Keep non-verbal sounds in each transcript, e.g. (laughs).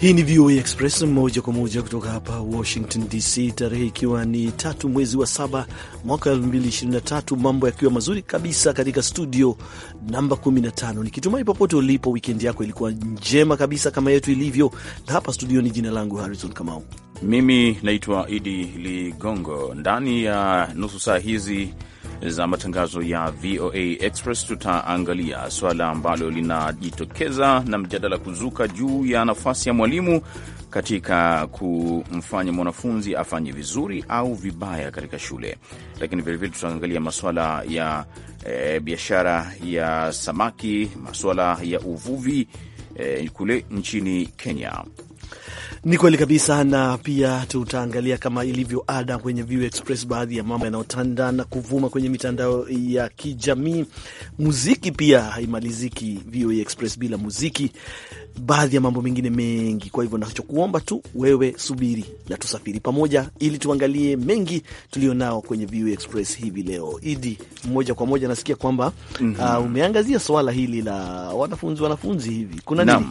Hii ni VOA Express moja kwa moja kutoka hapa Washington DC, tarehe ikiwa ni tatu mwezi wa saba mwaka tatu, mambo yakiwa mazuri kabisa katika studio namba 15, nikitumai popote ulipo wikendi yako ilikuwa njema kabisa kama yetu ilivyo, na hapa studioni, jina langu Harrison Kamau. Mimi naitwa Idi Ligongo. Ndani ya nusu saa hizi za matangazo ya VOA Express tutaangalia swala ambalo linajitokeza na mjadala kuzuka juu ya nafasi ya mwalimu katika kumfanya mwanafunzi afanye vizuri au vibaya katika shule, lakini vilevile tutaangalia masuala ya e, biashara ya samaki, masuala ya uvuvi e, kule nchini Kenya. Ni kweli kabisa, na pia tutaangalia kama ilivyo ada kwenye View Express baadhi ya mambo yanayotanda na kuvuma kwenye mitandao ya kijamii. Muziki pia haimaliziki View Express bila muziki, baadhi ya mambo mengine mengi. Kwa hivyo nachokuomba tu wewe, subiri na tusafiri pamoja, ili tuangalie mengi tulionao kwenye View Express hivi leo. Idi, moja kwa moja nasikia kwamba mm -hmm. uh, umeangazia swala hili la wanafunzi wanafunzi hivi kuna nini?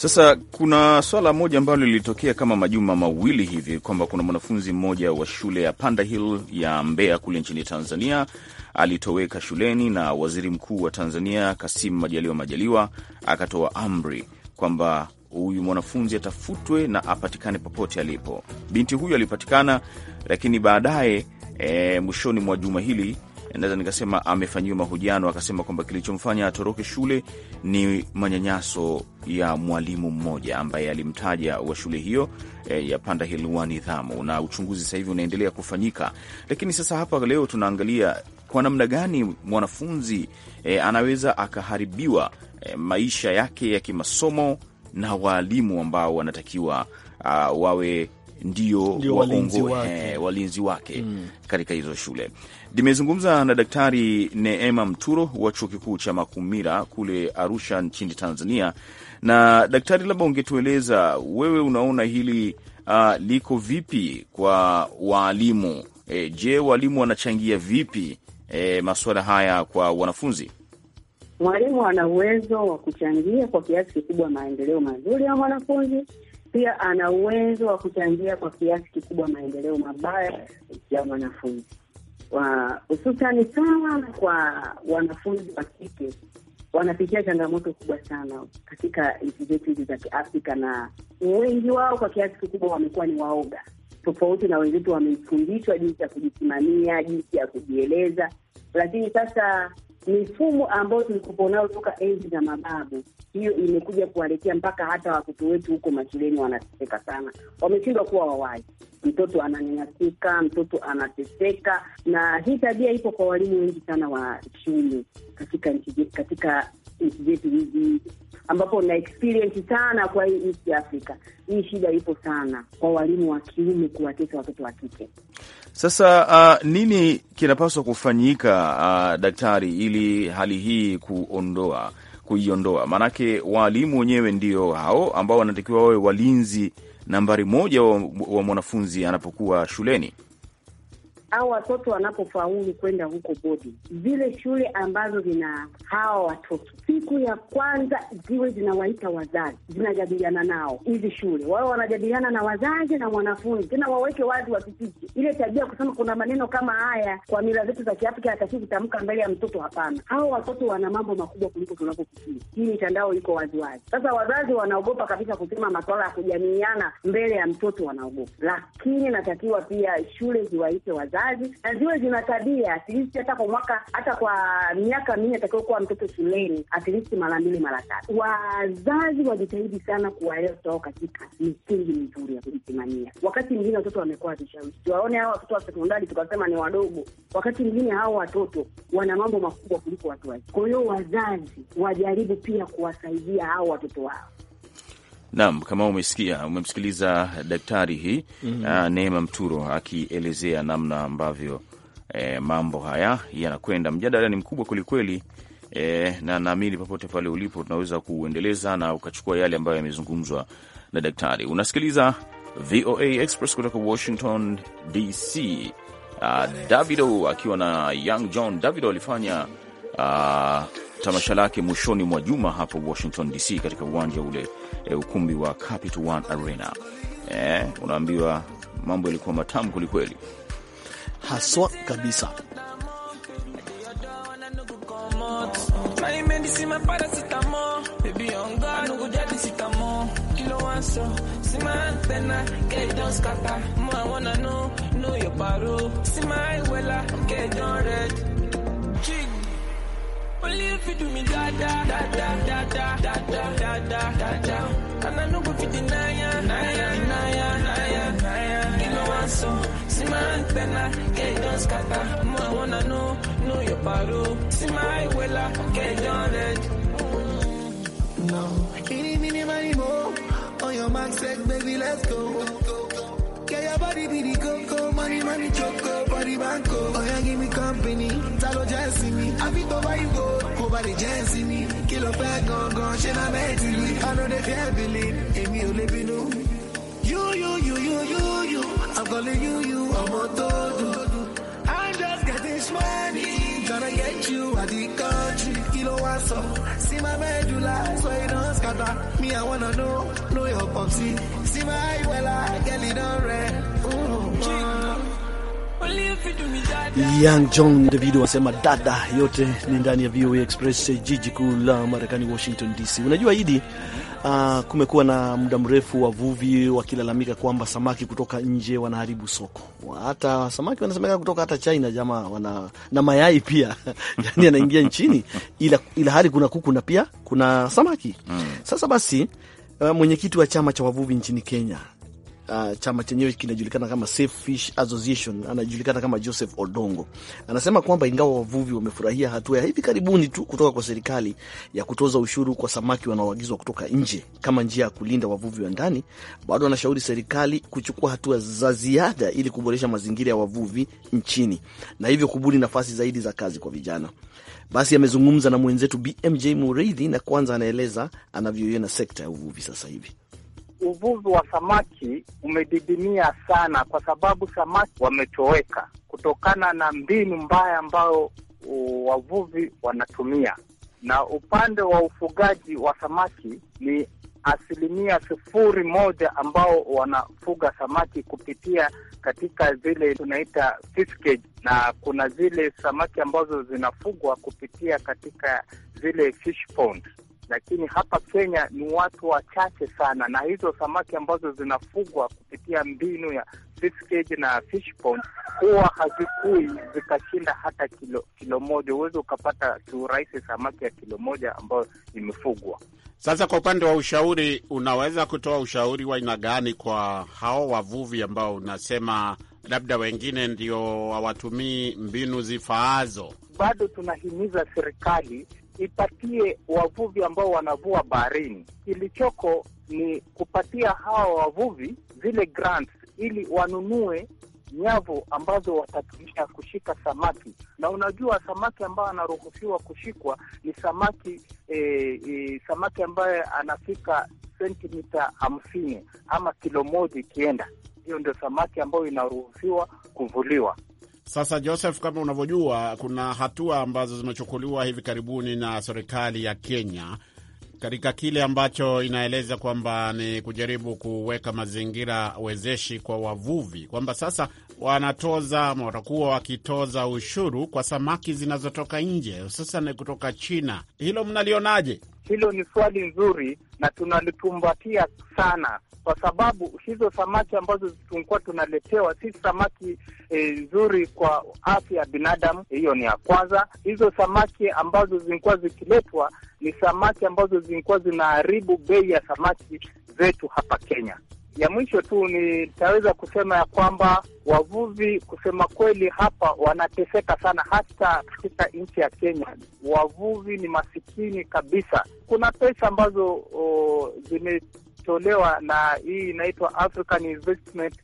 Sasa kuna swala moja ambalo lilitokea kama majuma mawili hivi kwamba kuna mwanafunzi mmoja wa shule ya Panda Hill ya Mbeya kule nchini Tanzania alitoweka shuleni, na waziri mkuu wa Tanzania kasimu Majaliwa Majaliwa akatoa amri kwamba huyu mwanafunzi atafutwe na apatikane popote alipo. Binti huyu alipatikana, lakini baadaye e, mwishoni mwa juma hili naweza nikasema amefanyiwa mahojiano, akasema kwamba kilichomfanya atoroke shule ni manyanyaso ya mwalimu mmoja ambaye alimtaja wa shule hiyo e, ya Panda Hill wa nidhamu, na uchunguzi sasa hivi unaendelea kufanyika. Lakini sasa hapa leo tunaangalia kwa namna gani mwanafunzi e, anaweza akaharibiwa e, maisha yake ya kimasomo na waalimu ambao wanatakiwa uh, wawe ndio walinzi wake, walinzi wake mm, katika hizo shule. Nimezungumza na Daktari Neema Mturo wa chuo kikuu cha Makumira kule Arusha nchini Tanzania. Na daktari, labda ungetueleza wewe unaona hili uh, liko vipi kwa waalimu? E, je, waalimu wanachangia vipi e, masuala haya kwa wanafunzi? Mwalimu ana uwezo wa kuchangia kwa kiasi kikubwa maendeleo mazuri ya mwanafunzi. Pia ana uwezo wa kuchangia kwa kiasi kikubwa maendeleo mabaya ya mwanafunzi hususani wa, sana kwa wanafunzi wa kike wanapitia changamoto kubwa sana katika nchi zetu hizi za Kiafrika, na wengi wao kwa kiasi kikubwa wamekuwa ni waoga, tofauti na wenzetu wamefundishwa jinsi ya kujisimamia, jinsi ya kujieleza, lakini sasa mifumo ambayo tulikupo nayo toka enzi za mababu, hiyo imekuja kuwaletea mpaka hata watoto wetu huko mashuleni wanateseka sana, wameshindwa kuwa wawazi. Mtoto ananyanyasika, mtoto anateseka, na hii tabia ipo kwa walimu wengi sana wa shule katika nchi, katika nchi zetu hizi ambapo na experience sana kwa hii East Africa. Hii shida ipo sana kwa walimu wa kiume kuwatesa watoto wa kike. Sasa uh, nini kinapaswa kufanyika uh, daktari, ili hali hii kuondoa kuiondoa? Maanake waalimu wenyewe ndio hao ambao wanatakiwa wawe walinzi nambari moja wa, wa mwanafunzi anapokuwa shuleni au watoto wanapofaulu kwenda huko bodi, zile shule ambazo zina hawa watoto, siku ya kwanza ziwe zinawaita wazazi, zinajadiliana nao hizi shule, wao wanajadiliana na wazazi na mwanafunzi, tena waweke wazi, wasifiche ile tabia kusema kuna maneno kama haya kwa mila zetu za Kiafrika hataki kutamka mbele ya mtoto. Hapana, hawa watoto wana mambo makubwa kuliko tunavyofikiria. Hii mitandao iko waziwazi. Sasa wazazi wanaogopa kabisa kusema masuala ya kujamiiana mbele ya mtoto, wanaogopa, lakini natakiwa pia shule ziwaite wazazi wazazi, na ziwe zina tabia atilisti hata kwa mwaka, hata kwa miaka minne kuwa mtoto shuleni, atilisti mara mbili mara tatu. Wazazi wajitahidi sana kuwalea watoto wao katika misingi mizuri ya kujisimamia. Wakati mwingine watoto wamekuwa vishawishi, tuwaone hawa watoto wa sekondari tukasema ni wadogo, wakati mwingine hawa watoto wana mambo makubwa kuliko watu wazima. Kwa hiyo wazazi wajaribu pia kuwasaidia hao watoto wao. Naam, kama umesikia, umemsikiliza daktari hii mm -hmm. Neema Mturo akielezea namna ambavyo e, mambo haya yanakwenda. Mjadala ni mkubwa kwelikweli. E, eh, na naamini popote pale ulipo tunaweza kuendeleza na ukachukua yale ambayo yamezungumzwa na daktari. Unasikiliza VOA Express kutoka Washington DC. Uh, ah, Davido akiwa na Young John. Davido alifanya uh, tamasha lake mwishoni mwa juma hapo Washington DC, katika uwanja ule e, ukumbi wa Capital One Arena. E, unaambiwa mambo yalikuwa matamu kwelikweli, haswa kabisa. fi do me da da da da da da da da da da da. And I no go fi deny ya, deny ya, deny ya, deny ya, You know I'm so. See my antenna, get don scatter. More wanna know, know your paro. See my wella, get don red. No, any mini money more. On your mark, set, baby, let's go. Get your body be the coco, money, money, choco, body banco. Oh yeah, give me company, talo just see me. I be to buy you go nobody jẹ́ǹsì mi kí ló fẹ́ gangan ṣé náà I mi anode fi ẹ̀ bìlì èmi ò lè bínú. You, you, you, you, you, you, I'm calling you, you, i ọmọ tó dùn. I'm just getting smarty, Gonna get you at the country. kilo ló up. See my medulla, so you don't scatter. Me, I wanna know, know your popsy. See my eye, well, I get it on red. Young John Davido wasema dada yote ni ndani ya VOA Express, jiji kuu la Marekani, Washington DC. Unajua Idi, uh, kumekuwa na muda mrefu wavuvi wakilalamika kwamba samaki kutoka nje wanaharibu soko. Hata samaki wanasemekana kutoka hata China jamaa wana, na mayai pia (laughs) yani yanaingia nchini, ila, ila hali kuna kuku na pia kuna samaki. Hmm. Sasa basi, uh, mwenyekiti wa chama cha wavuvi nchini Kenya uh, chama chenyewe kinajulikana kama Safe Fish Association, anajulikana kama Joseph Odongo, anasema kwamba ingawa wavuvi wamefurahia hatua ya hivi karibuni tu kutoka kwa serikali ya kutoza ushuru kwa samaki wanaoagizwa kutoka nje kama njia ya kulinda wavuvi wa ndani, bado anashauri serikali kuchukua hatua za ziada ili kuboresha mazingira ya wavuvi nchini na hivyo kubuni nafasi zaidi za kazi kwa vijana. Basi amezungumza na mwenzetu BMJ Muridhi, na kwanza anaeleza anavyoiona sekta ya uvuvi sasa hivi uvuvi wa samaki umedidimia sana, kwa sababu samaki wametoweka kutokana na mbinu mbaya ambayo wavuvi wanatumia, na upande wa ufugaji wa samaki ni asilimia sifuri moja ambao wanafuga samaki kupitia katika zile tunaita fish cage, na kuna zile samaki ambazo zinafugwa kupitia katika zile fish pond lakini hapa Kenya ni watu wachache sana, na hizo samaki ambazo zinafugwa kupitia mbinu ya fish cage na fish pond huwa hazikui zikashinda hata kilo kilo moja. Huwezi ukapata kiurahisi samaki ya kilo moja ambayo imefugwa. Sasa kwa upande wa ushauri, unaweza kutoa ushauri wa aina gani kwa hao wavuvi ambao unasema labda wengine ndio hawatumii mbinu zifaazo? Bado tunahimiza serikali ipatie wavuvi ambao wanavua baharini. Kilichoko ni kupatia hawa wavuvi zile grants ili wanunue nyavu ambazo watatumia kushika samaki, na unajua samaki ambayo anaruhusiwa kushikwa ni samaki e, e, samaki ambaye anafika sentimita hamsini ama kilo moja ikienda, hiyo ndio samaki ambayo inaruhusiwa kuvuliwa. Sasa Joseph, kama unavyojua, kuna hatua ambazo zimechukuliwa hivi karibuni na serikali ya Kenya katika kile ambacho inaeleza kwamba ni kujaribu kuweka mazingira wezeshi kwa wavuvi, kwamba sasa wanatoza ama watakuwa wakitoza ushuru kwa samaki zinazotoka nje, hususan kutoka China. Hilo mnalionaje? Hilo ni swali nzuri na tunalikumbatia sana, kwa sababu hizo samaki ambazo tulikuwa tunaletewa si samaki e, nzuri kwa afya ya binadamu. Hiyo ni ya kwanza. Hizo samaki ambazo zilikuwa zikiletwa ni samaki ambazo zilikuwa zinaharibu bei ya samaki zetu hapa Kenya. Ya mwisho tu nitaweza kusema ya kwamba wavuvi, kusema kweli, hapa wanateseka sana, hata katika nchi ya Kenya wavuvi ni masikini kabisa. Kuna pesa ambazo zimetolewa na hii inaitwa African Investment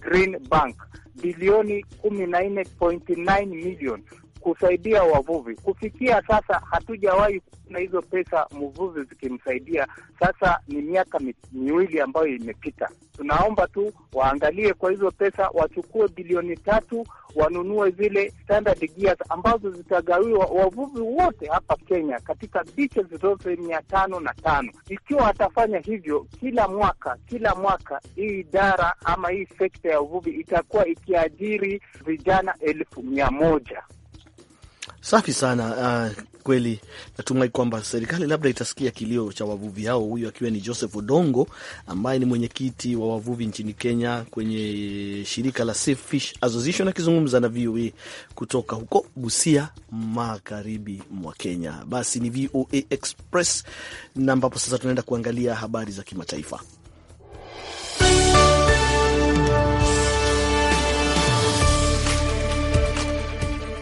Green Bank bilioni kumi na nne point nine million kusaidia wavuvi. Kufikia sasa hatujawahi kuona hizo pesa mvuvi zikimsaidia. Sasa ni miaka miwili ambayo imepita. Tunaomba tu waangalie kwa hizo pesa, wachukue bilioni tatu wanunue zile standard gears ambazo zitagawiwa wavuvi wote hapa Kenya katika biche zote mia tano na tano. Ikiwa atafanya hivyo kila mwaka kila mwaka, hii idara ama hii sekta ya uvuvi itakuwa ikiajiri vijana elfu mia moja. Safi sana. Uh, kweli natumai kwamba serikali labda itasikia kilio cha wavuvi hao, huyu akiwa ni Joseph Odongo ambaye ni mwenyekiti wa wavuvi nchini Kenya kwenye shirika la Safe Fish Association, akizungumza na VOA kutoka huko Busia, magharibi mwa Kenya. Basi ni VOA Express na ambapo sasa tunaenda kuangalia habari za kimataifa.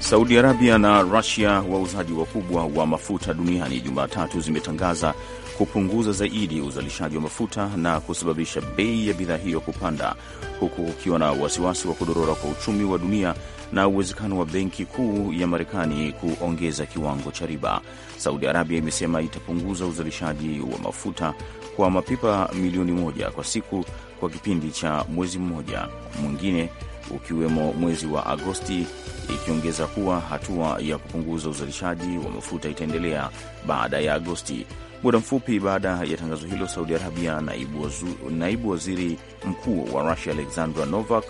Saudi Arabia na Rusia, wauzaji wakubwa wa mafuta duniani, Jumatatu zimetangaza kupunguza zaidi uzalishaji wa mafuta na kusababisha bei ya bidhaa hiyo kupanda, huku kukiwa na wasiwasi wa kudorora kwa uchumi wa dunia na uwezekano wa benki kuu ya Marekani kuongeza kiwango cha riba. Saudi Arabia imesema itapunguza uzalishaji wa mafuta kwa mapipa milioni moja kwa siku kwa kipindi cha mwezi mmoja mwingine ukiwemo mwezi wa Agosti, ikiongeza kuwa hatua ya kupunguza uzalishaji wa mafuta itaendelea baada ya Agosti. Muda mfupi baada ya tangazo hilo, Saudi Arabia, naibu, wazu, naibu waziri mkuu wa Rusia Alexandra Novak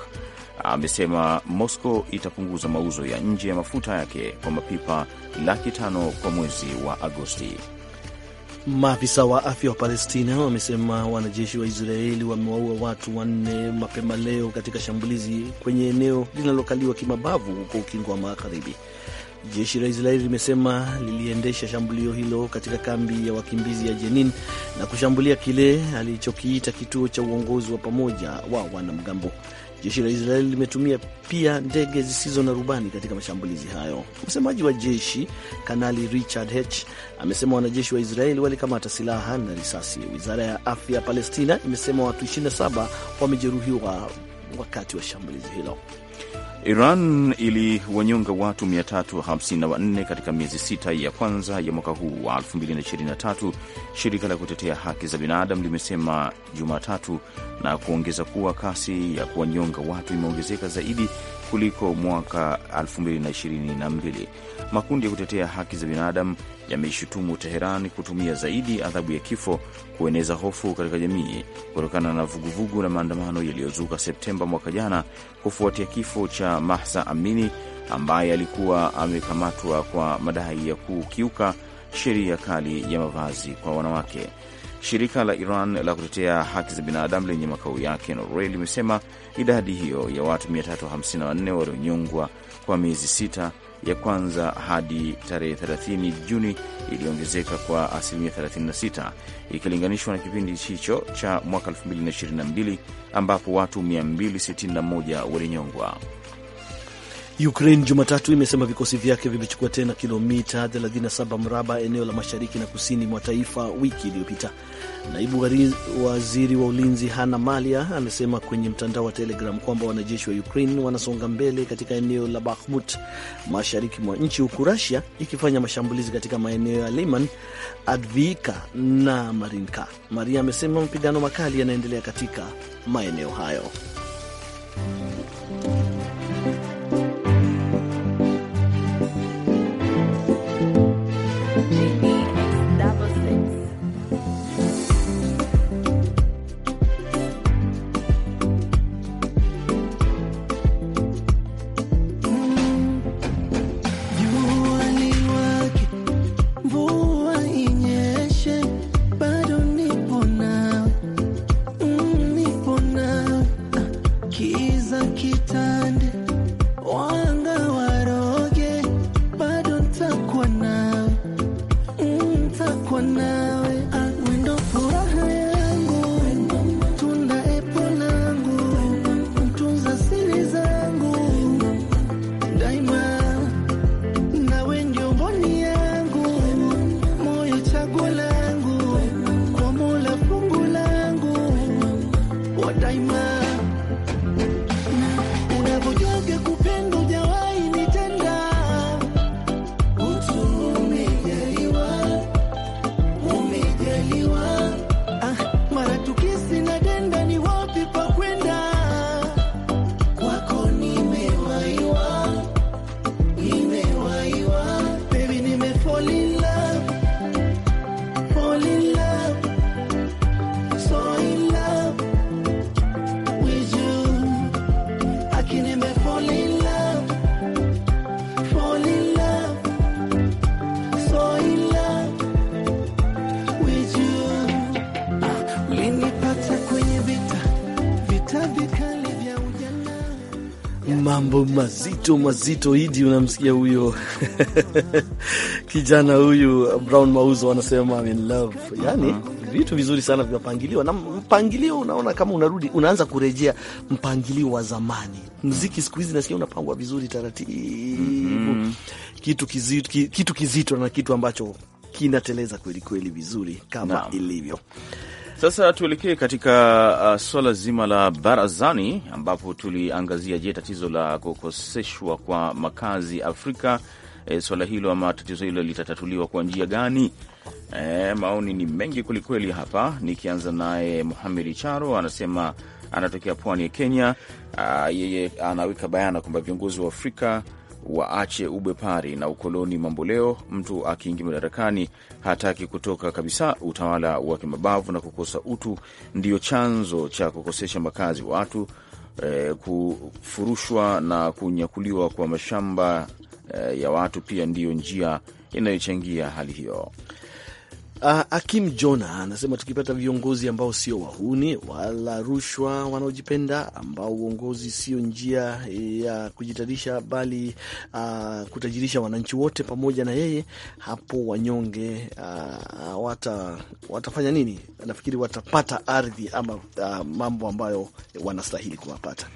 amesema Moscow itapunguza mauzo ya nje ya mafuta yake kwa mapipa laki tano kwa mwezi wa Agosti. Maafisa wa afya wa Palestina wamesema wanajeshi wa Israeli wamewaua watu wanne mapema leo katika shambulizi kwenye eneo linalokaliwa kimabavu huko Ukingo wa Magharibi. Jeshi la Israeli limesema liliendesha shambulio hilo katika kambi ya wakimbizi ya Jenin na kushambulia kile alichokiita kituo cha uongozi wa pamoja wa wanamgambo. Jeshi la Israeli limetumia pia ndege zisizo na rubani katika mashambulizi hayo. Msemaji wa jeshi Kanali Richard H amesema wanajeshi wa Israeli walikamata silaha na risasi. Wizara ya afya ya Palestina imesema watu 27 wamejeruhiwa wakati wa shambulizi hilo. Iran iliwanyonga watu 354 katika miezi sita ya kwanza ya mwaka huu wa 2023, shirika la kutetea haki za binadamu limesema Jumatatu, na kuongeza kuwa kasi ya kuwanyonga watu imeongezeka zaidi kuliko mwaka 2022. Makundi ya kutetea haki za binadamu yameishutumu Teheran kutumia zaidi adhabu ya kifo kueneza hofu katika jamii kutokana na vuguvugu la maandamano yaliyozuka Septemba mwaka jana kufuatia kifo cha Mahsa Amini ambaye alikuwa amekamatwa kwa madai ya kukiuka sheria kali ya mavazi kwa wanawake. Shirika la Iran la kutetea haki za binadamu lenye makao yake Norway limesema idadi hiyo ya watu 354 walionyongwa kwa miezi sita ya kwanza hadi tarehe 30 Juni iliyoongezeka kwa asilimia 36 ikilinganishwa na kipindi hicho cha mwaka 2022 ambapo watu 261 walinyongwa. Ukraine Jumatatu imesema vikosi vyake vimechukua tena kilomita 37 mraba eneo la mashariki na kusini mwa taifa wiki iliyopita. Naibu waziri wa ulinzi Hana Malia amesema kwenye mtandao wa Telegram kwamba wanajeshi wa Ukraine wanasonga mbele katika eneo la Bakhmut mashariki mwa nchi, huku Rusia ikifanya mashambulizi katika maeneo ya Liman, Advika na Marinka. Maria amesema mapigano makali yanaendelea katika maeneo hayo. mazito mazito. Hidi unamsikia huyo (laughs) kijana huyu Brown Mauzo anasema I'm in love, yani Vitu vizuri sana vimepangiliwa na mpangilio, unaona kama unarudi unaanza kurejea mpangilio wa zamani. Mziki siku hizi nasikia unapangwa vizuri taratibu mm -hmm. Kitu kizito, kitu kizito na kitu ambacho kinateleza kweli kweli vizuri kama no. ilivyo sasa tuelekee katika uh, swala zima la barazani, ambapo tuliangazia je, tatizo la kukoseshwa kwa makazi Afrika E, swala hilo ama tatizo hilo litatatuliwa kwa njia gani? E, maoni ni mengi kwelikweli hapa, nikianza naye Muhamed Charo anasema anatokea pwani ya Kenya. Ah, yeye anaweka bayana kwamba viongozi wa Afrika waache ubepari na ukoloni mamboleo. Mtu akiingia madarakani hataki kutoka kabisa. Utawala wa kimabavu na kukosa utu ndiyo chanzo cha kukosesha makazi watu, e, kufurushwa na kunyakuliwa kwa mashamba e, ya watu pia ndiyo njia inayochangia hali hiyo. Ah, Akim Jona anasema tukipata viongozi ambao sio wahuni wala rushwa, wanaojipenda, ambao uongozi sio njia eh, ya kujitarisha, bali uh, kutajirisha wananchi wote pamoja na yeye, hapo wanyonge uh, ah, wata, watafanya nini? Nafikiri watapata ardhi ama uh, mambo ambayo wanastahili kuwapata.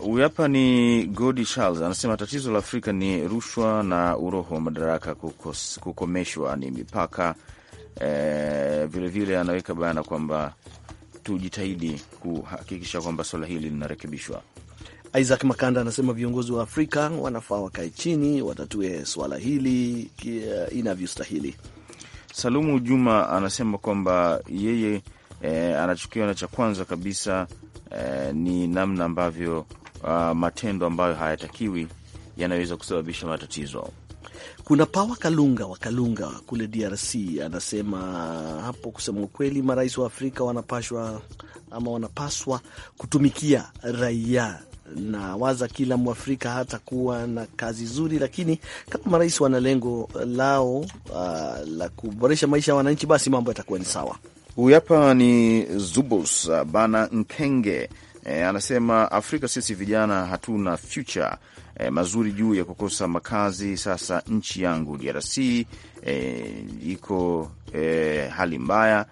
Huyu hapa ni Godi Charles anasema tatizo la Afrika ni rushwa na uroho wa madaraka kukomeshwa ni mipaka vilevile eh, vile anaweka bayana kwamba tujitahidi kuhakikisha kwamba swala hili linarekebishwa. Isaac Makanda anasema viongozi wa Afrika wanafaa wakae chini, watatue swala hili eh, inavyostahili. Salumu Juma anasema kwamba yeye e, eh, anachokiona cha kwanza kabisa e, ni namna ambavyo ah, matendo ambayo hayatakiwi yanaweza kusababisha matatizo. Kuna Pawa Kalunga wa Kalunga kule DRC anasema hapo, kusema ukweli, marais wa Afrika wanapashwa ama wanapaswa kutumikia raia na waza kila Mwafrika hata kuwa na kazi zuri, lakini kama marais wana lengo lao uh, la kuboresha maisha ya wananchi, basi mambo yatakuwa ni sawa. Huyu hapa ni zubus ah, Bana Nkenge, e, anasema Afrika sisi vijana hatuna future e, mazuri juu ya kukosa makazi. Sasa nchi yangu DRC e, iko e, hali mbaya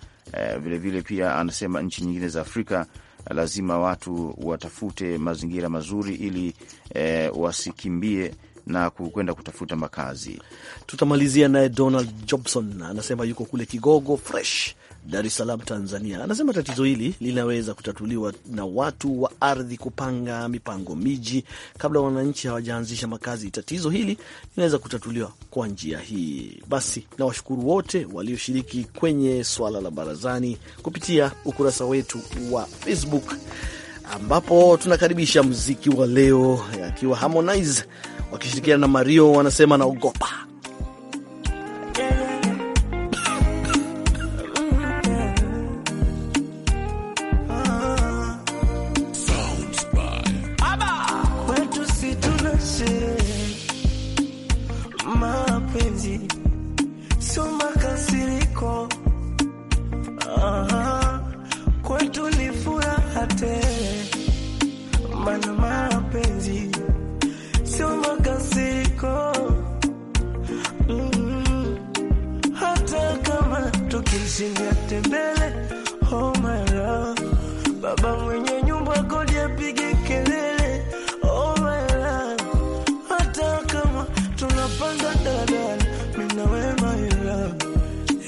vilevile. vile pia anasema nchi nyingine za Afrika lazima watu watafute mazingira mazuri ili e, wasikimbie na kukwenda kutafuta makazi. Tutamalizia naye Donald Jobson anasema yuko kule Kigogo fresh Dar es Salaam, Tanzania, anasema tatizo hili linaweza kutatuliwa na watu wa ardhi kupanga mipango miji kabla wananchi hawajaanzisha makazi. Tatizo hili linaweza kutatuliwa kwa njia hii. Basi nawashukuru wote walioshiriki kwenye swala la barazani kupitia ukurasa wetu wa Facebook, ambapo tunakaribisha mziki wa leo akiwa Harmonize wakishirikiana na Mario, wanasema naogopa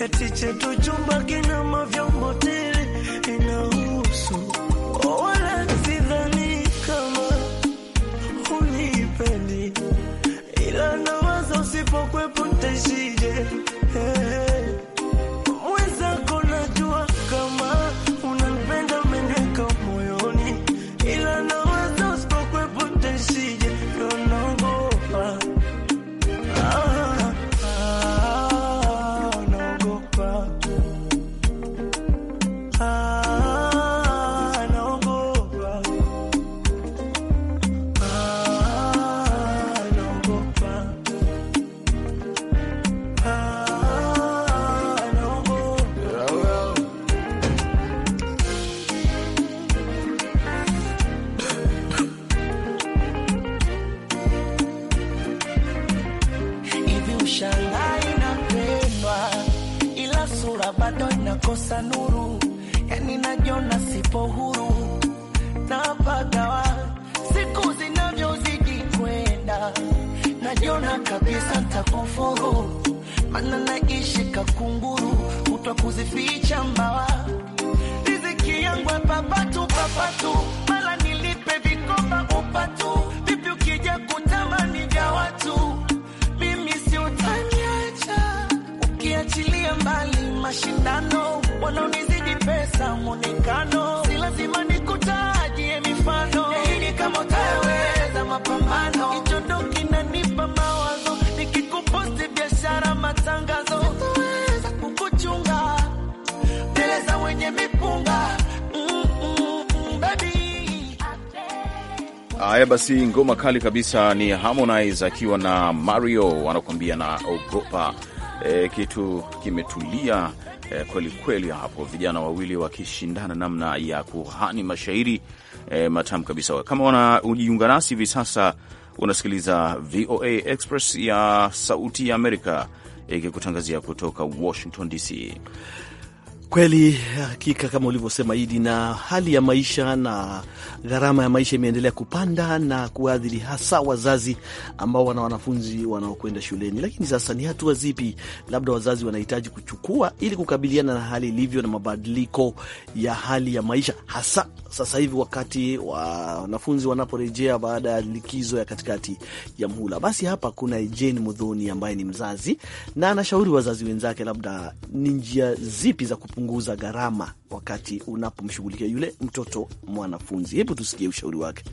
eti chetu chumba kina mavyombo tele inahusu wala sidhani kama unipendi, ila nawaza usipokwepo ntaishije? hey. Ushangaa inapendwa ila sura bado inakosa nuru, yani najona sipo huru na pagawa siku zinavyozidi kwenda, najona kabisa ntakufuru, mana naishi kakunguru kutwa kuzificha mbawa, riziki yangu papatu papatu kubali mashindano, wanaonizidi pesa mwonekano, si lazima nikutajie mifano, lakini kama utaweza mapambano, hicho kinanipa mawazo, nikikuposti biashara, matangazo, utaweza kukuchunga teleza wenye mipunga. Haya basi, ngoma kali kabisa ni Harmonize akiwa na Mario wanakuambia na ogopa e, kitu kimetulia e, kweli kweli hapo, vijana wawili wakishindana namna ya kuhani mashairi e, matamu kabisa. Kama wanajiunga nasi hivi sasa, unasikiliza VOA Express ya Sauti ya Amerika ikikutangazia kutoka Washington DC. Kweli hakika, kama ulivyosema Idi, na hali ya maisha na gharama ya maisha imeendelea kupanda na kuadhiri hasa wazazi ambao wana wanafunzi wanaokwenda shuleni. Lakini sasa ni hatua zipi labda wazazi wanahitaji kuchukua ili kukabiliana na hali ilivyo na mabadiliko ya hali ya maisha, hasa sasa hivi wakati wa wanafunzi wanaporejea baada ya likizo ya katikati ya mhula? Basi hapa kuna Jane Mudhoni ambaye ni mzazi na anashauri wazazi wenzake labda ni njia zipi za kupu kupunguza gharama wakati unapomshughulikia yule mtoto mwanafunzi. Hebu tusikie ushauri wake.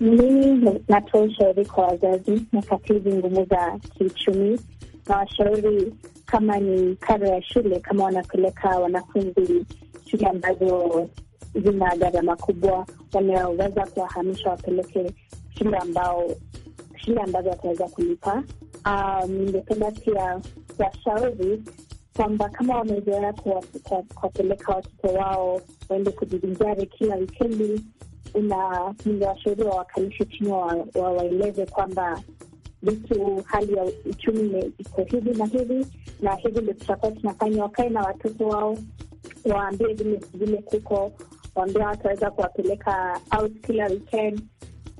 Mimi natoa ushauri kwa wazazi nyakati hizi ngumu za kiuchumi, na washauri kama ni karo ya shule, kama wanapeleka wanafunzi shule ambazo zina gharama kubwa, wanaweza kuwahamisha wapeleke shule ambao shule ambazo wataweza kulipa. Ah, ningependa um, pia washauri kwamba kama wamezoea kuwapeleka watoto wao waende kujivinjari kila wikendi, una ningewashauri wawakalishe chini wawaeleze kwamba vitu, hali ya uchumi iko hivi na hivi na hivi, ndo tutakuwa tunafanya. Wakae na watoto wao, waambie vile vile kuko, waambie wataweza kuwapeleka out kila weekend,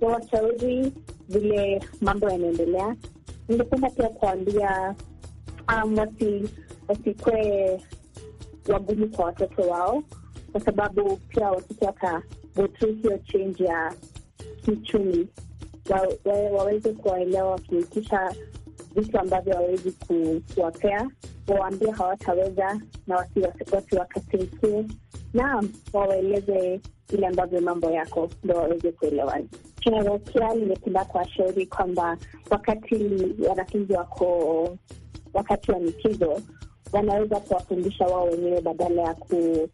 wawashauri vile mambo yanaendelea. Ningependa pia kuwaambia um, wasikwe wagumu kwa watoto wao, kwa sababu pia watoto watago through hiyo change ya kiuchumi, waweze kuwaelewa wakiitisha vitu ambavyo wawezi kuwapea, wawaambie hawataweza na wasiwakasirikie, na wawaeleze ile ambavyo mambo yako ndo waweze kuelewana. Pia kwa kuwashauri kwamba wakati wanafunzi wako wakati wa michezo wanaweza kuwafundisha wao wenyewe badala ya ku,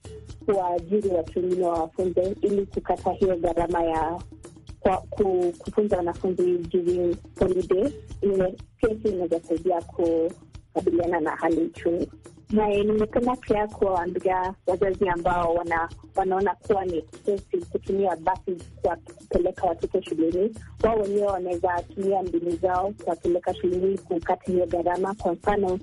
kuwaajiri watu wengine wawafunze, ili kukata hiyo gharama ya kwa, ku, kufunza wanafunzi during holiday. Pia hii inaweza saidia kukabiliana na hali uchumi naye eh, nimependa pia kuwaambia wazazi ambao wana, wanaona kuwa ni kesi kutumia basi kuwapeleka watoto shuleni. Wao wenyewe wanaweza tumia mbinu zao kuwapeleka shuleni kukata hiyo gharama. Kwa mfano,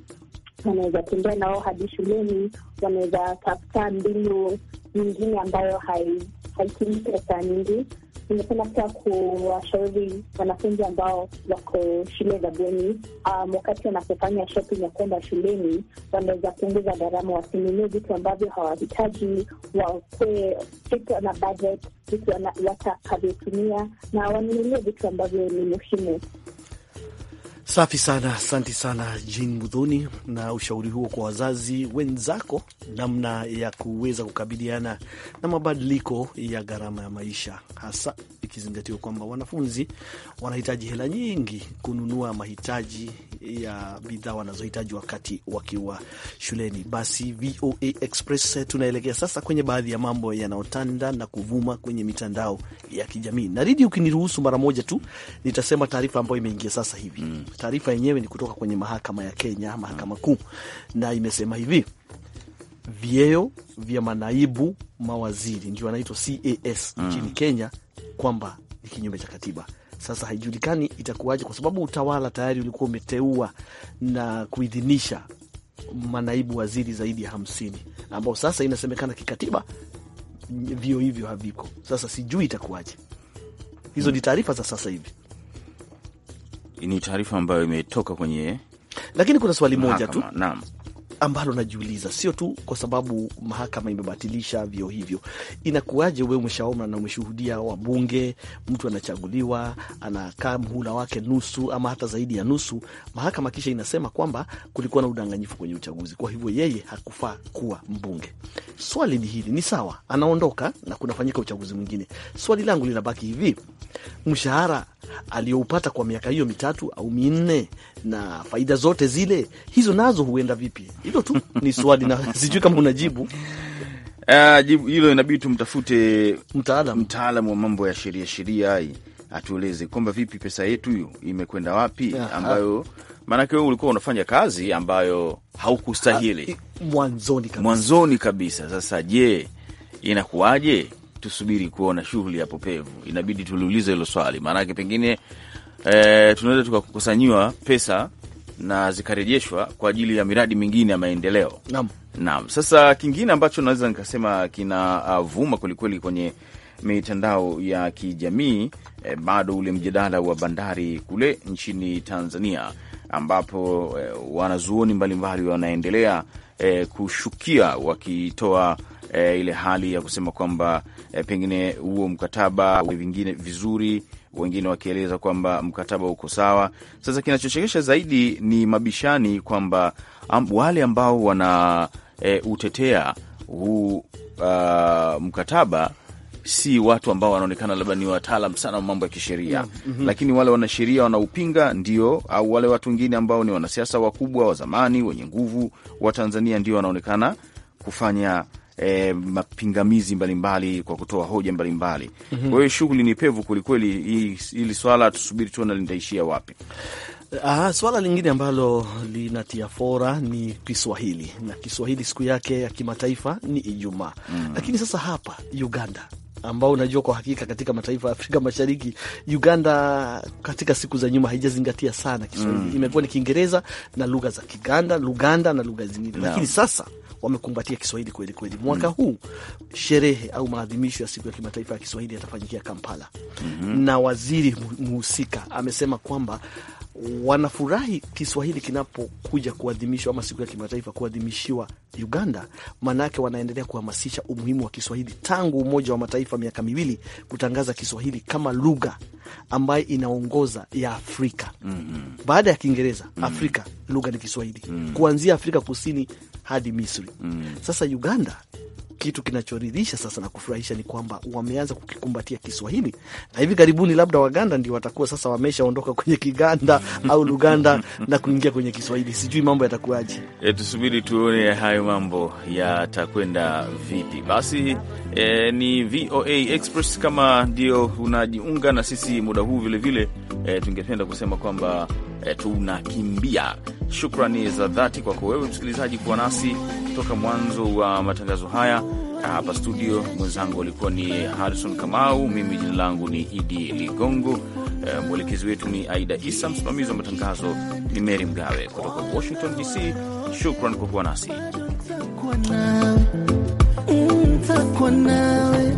wanaweza tembea nao hadi shuleni, wanaweza tafuta mbinu nyingine ambayo haitumii pesa nyingi ningependa pia kuwashauri wanafunzi ambao wako shule za bweni, um, wakati wanapofanya shopping ya kwenda shuleni, wanaweza kupunguza gharama, wasinunue vitu ambavyo hawahitaji, wakwe vitu na budget, vitu watakavyotumia, na wanunulie vitu ambavyo ni muhimu. Safi sana, asanti sana jin Mudhoni, na ushauri huo kwa wazazi wenzako, namna ya kuweza kukabiliana na mabadiliko ya gharama ya maisha, hasa ikizingatiwa kwamba wanafunzi wanahitaji hela nyingi kununua mahitaji ya bidhaa wanazohitaji wakati wakiwa shuleni. Basi VOA Express tunaelekea sasa kwenye baadhi ya mambo yanayotanda na kuvuma kwenye mitandao ya kijamii. Naridi, ukiniruhusu mara moja tu nitasema taarifa ambayo imeingia sasa hivi mm. Taarifa yenyewe ni kutoka kwenye mahakama ya Kenya, mahakama kuu, na imesema hivi vyeo vya manaibu mawaziri ndio wanaitwa CAS nchini mm. Kenya, kwamba ni kinyume cha katiba. Sasa haijulikani itakuwaje, kwa sababu utawala tayari ulikuwa umeteua na kuidhinisha manaibu waziri zaidi ya hamsini ambao sasa inasemekana kikatiba vio hivyo haviko. Sasa sijui itakuwaje. Hizo ni mm. taarifa za sasa hivi ni taarifa ambayo imetoka kwenye, lakini kuna swali moja tu naam ambalo najiuliza, sio tu kwa sababu mahakama imebatilisha vyo hivyo. Inakuwaje wewe umeshaona na umeshuhudia wabunge, mtu anachaguliwa anakaa mhula wake nusu ama hata zaidi ya nusu, mahakama kisha inasema kwamba kulikuwa na udanganyifu kwenye uchaguzi, kwa hivyo yeye hakufaa kuwa mbunge. Swali ni hili, ni sawa, anaondoka na kunafanyika uchaguzi mwingine. Swali langu linabaki hivi, mshahara aliyoupata kwa miaka hiyo mitatu au minne, na faida zote zile hizo nazo huenda vipi? Hilo tu ni swali na (laughs) sijui kama unajibu ah, jibu hilo. Uh, inabidi tumtafute mtaalamu wa mambo ya sheria sheria atueleze kwamba vipi pesa yetu hiyo imekwenda wapi, ambayo maanake wewe ulikuwa unafanya kazi ambayo haukustahili ah, mwanzoni kabisa. Mwanzoni kabisa. Sasa je, inakuwaje? tusubiri kuona shughuli ya popevu Inabidi tuliulize hilo swali, maanake pengine e, tunaweza tukakusanyiwa pesa na zikarejeshwa kwa ajili ya miradi mingine ya maendeleo. Naam, naam. Sasa kingine ambacho naweza nikasema kinavuma ah, kwelikweli kwenye mitandao ya kijamii e, bado ule mjadala wa bandari kule nchini Tanzania ambapo e, wanazuoni mbalimbali wanaendelea e, kushukia wakitoa e, ile hali ya kusema kwamba e, pengine huo mkataba vingine vizuri, wengine wakieleza kwamba mkataba uko sawa. Sasa kinachochekesha zaidi ni mabishani kwamba am, wale ambao wana e, utetea huu uh, mkataba si watu ambao wanaonekana labda ni wataalam sana wa mambo ya kisheria mm -hmm. Lakini wale wanasheria wanaupinga ndio, au wale watu wengine ambao ni wanasiasa wakubwa wa zamani wenye nguvu wa Tanzania ndio wanaonekana kufanya eh, mapingamizi mbalimbali mbali, kwa kutoa hoja mbalimbali mhm. kwa hiyo mbali. Mm -hmm. Shughuli ni pevu kwelikweli. Hili swala tusubiri tuona litaishia wapi. Aha, swala lingine ambalo linatia fora ni Kiswahili na Kiswahili siku yake ya kimataifa ni Ijumaa. Mm. Lakini sasa hapa Uganda ambao unajua kwa hakika katika mataifa ya Afrika Mashariki, Uganda katika siku za nyuma haijazingatia sana Kiswahili mm. Imekuwa ni Kiingereza na lugha za Kiganda, Luganda na lugha zingine no. Lakini sasa wamekumbatia Kiswahili kweli kweli. Mwaka mm. huu sherehe au maadhimisho ya siku ya kimataifa ya Kiswahili yatafanyikia Kampala mm -hmm. na waziri mhusika amesema kwamba wanafurahi Kiswahili kinapokuja kuadhimishwa ama siku ya kimataifa kuadhimishiwa Uganda, maanake wanaendelea kuhamasisha umuhimu wa Kiswahili tangu Umoja wa Mataifa miaka miwili kutangaza Kiswahili kama lugha ambayo inaongoza ya Afrika. mm -hmm. Baada ya Kiingereza, mm-hmm. Afrika mm -hmm. lugha ni Kiswahili mm -hmm. kuanzia Afrika Kusini hadi Misri mm. Sasa Uganda kitu kinachoridhisha sasa na kufurahisha ni kwamba wameanza kukikumbatia Kiswahili na hivi karibuni labda Waganda ndio watakuwa sasa wameshaondoka kwenye Kiganda mm. au Luganda (laughs) na kuingia kwenye Kiswahili. Sijui mambo yatakuwaje, e, tusubiri tuone hayo mambo yatakwenda vipi. Basi e, ni VOA Express. Kama ndio unajiunga na sisi muda huu vilevile, e, tungependa kusema kwamba e, tunakimbia Shukrani za dhati kwako wewe msikilizaji kuwa nasi toka mwanzo wa matangazo haya. Hapa studio mwenzangu alikuwa ni Harrison Kamau, mimi jina langu ni Idi Ligongo, eh, mwelekezi wetu ni Aida Isa, msimamizi wa matangazo ni Mary Mgawe kutoka Washington DC. Shukran kwa kuwa nasi.